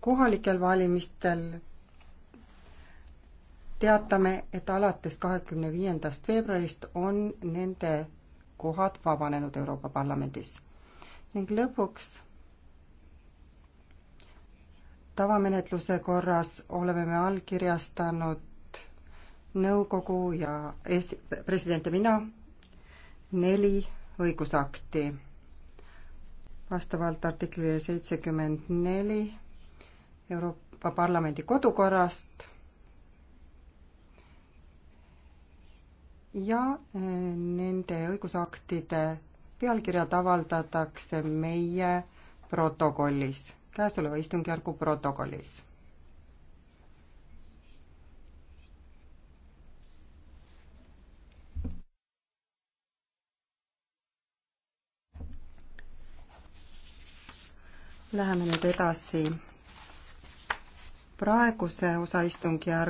kohalikel valimistel teatame, et alates kahekümne viiendast veebruarist on nende kohad vabanenud Euroopa Parlamendis. ning lõpuks tavamenetluse korras oleme me allkirjastanud nõukogu ja es-, president ja mina neli õigusakti vastavalt artiklile seitsekümmend neli Euroopa Parlamendi kodukorrast ja eh, nende õigusaktide pealkirjad avaldatakse meie protokollis, käesoleva istungjärgu protokollis Läheme nüüd edasi praeguse osa istungjärgu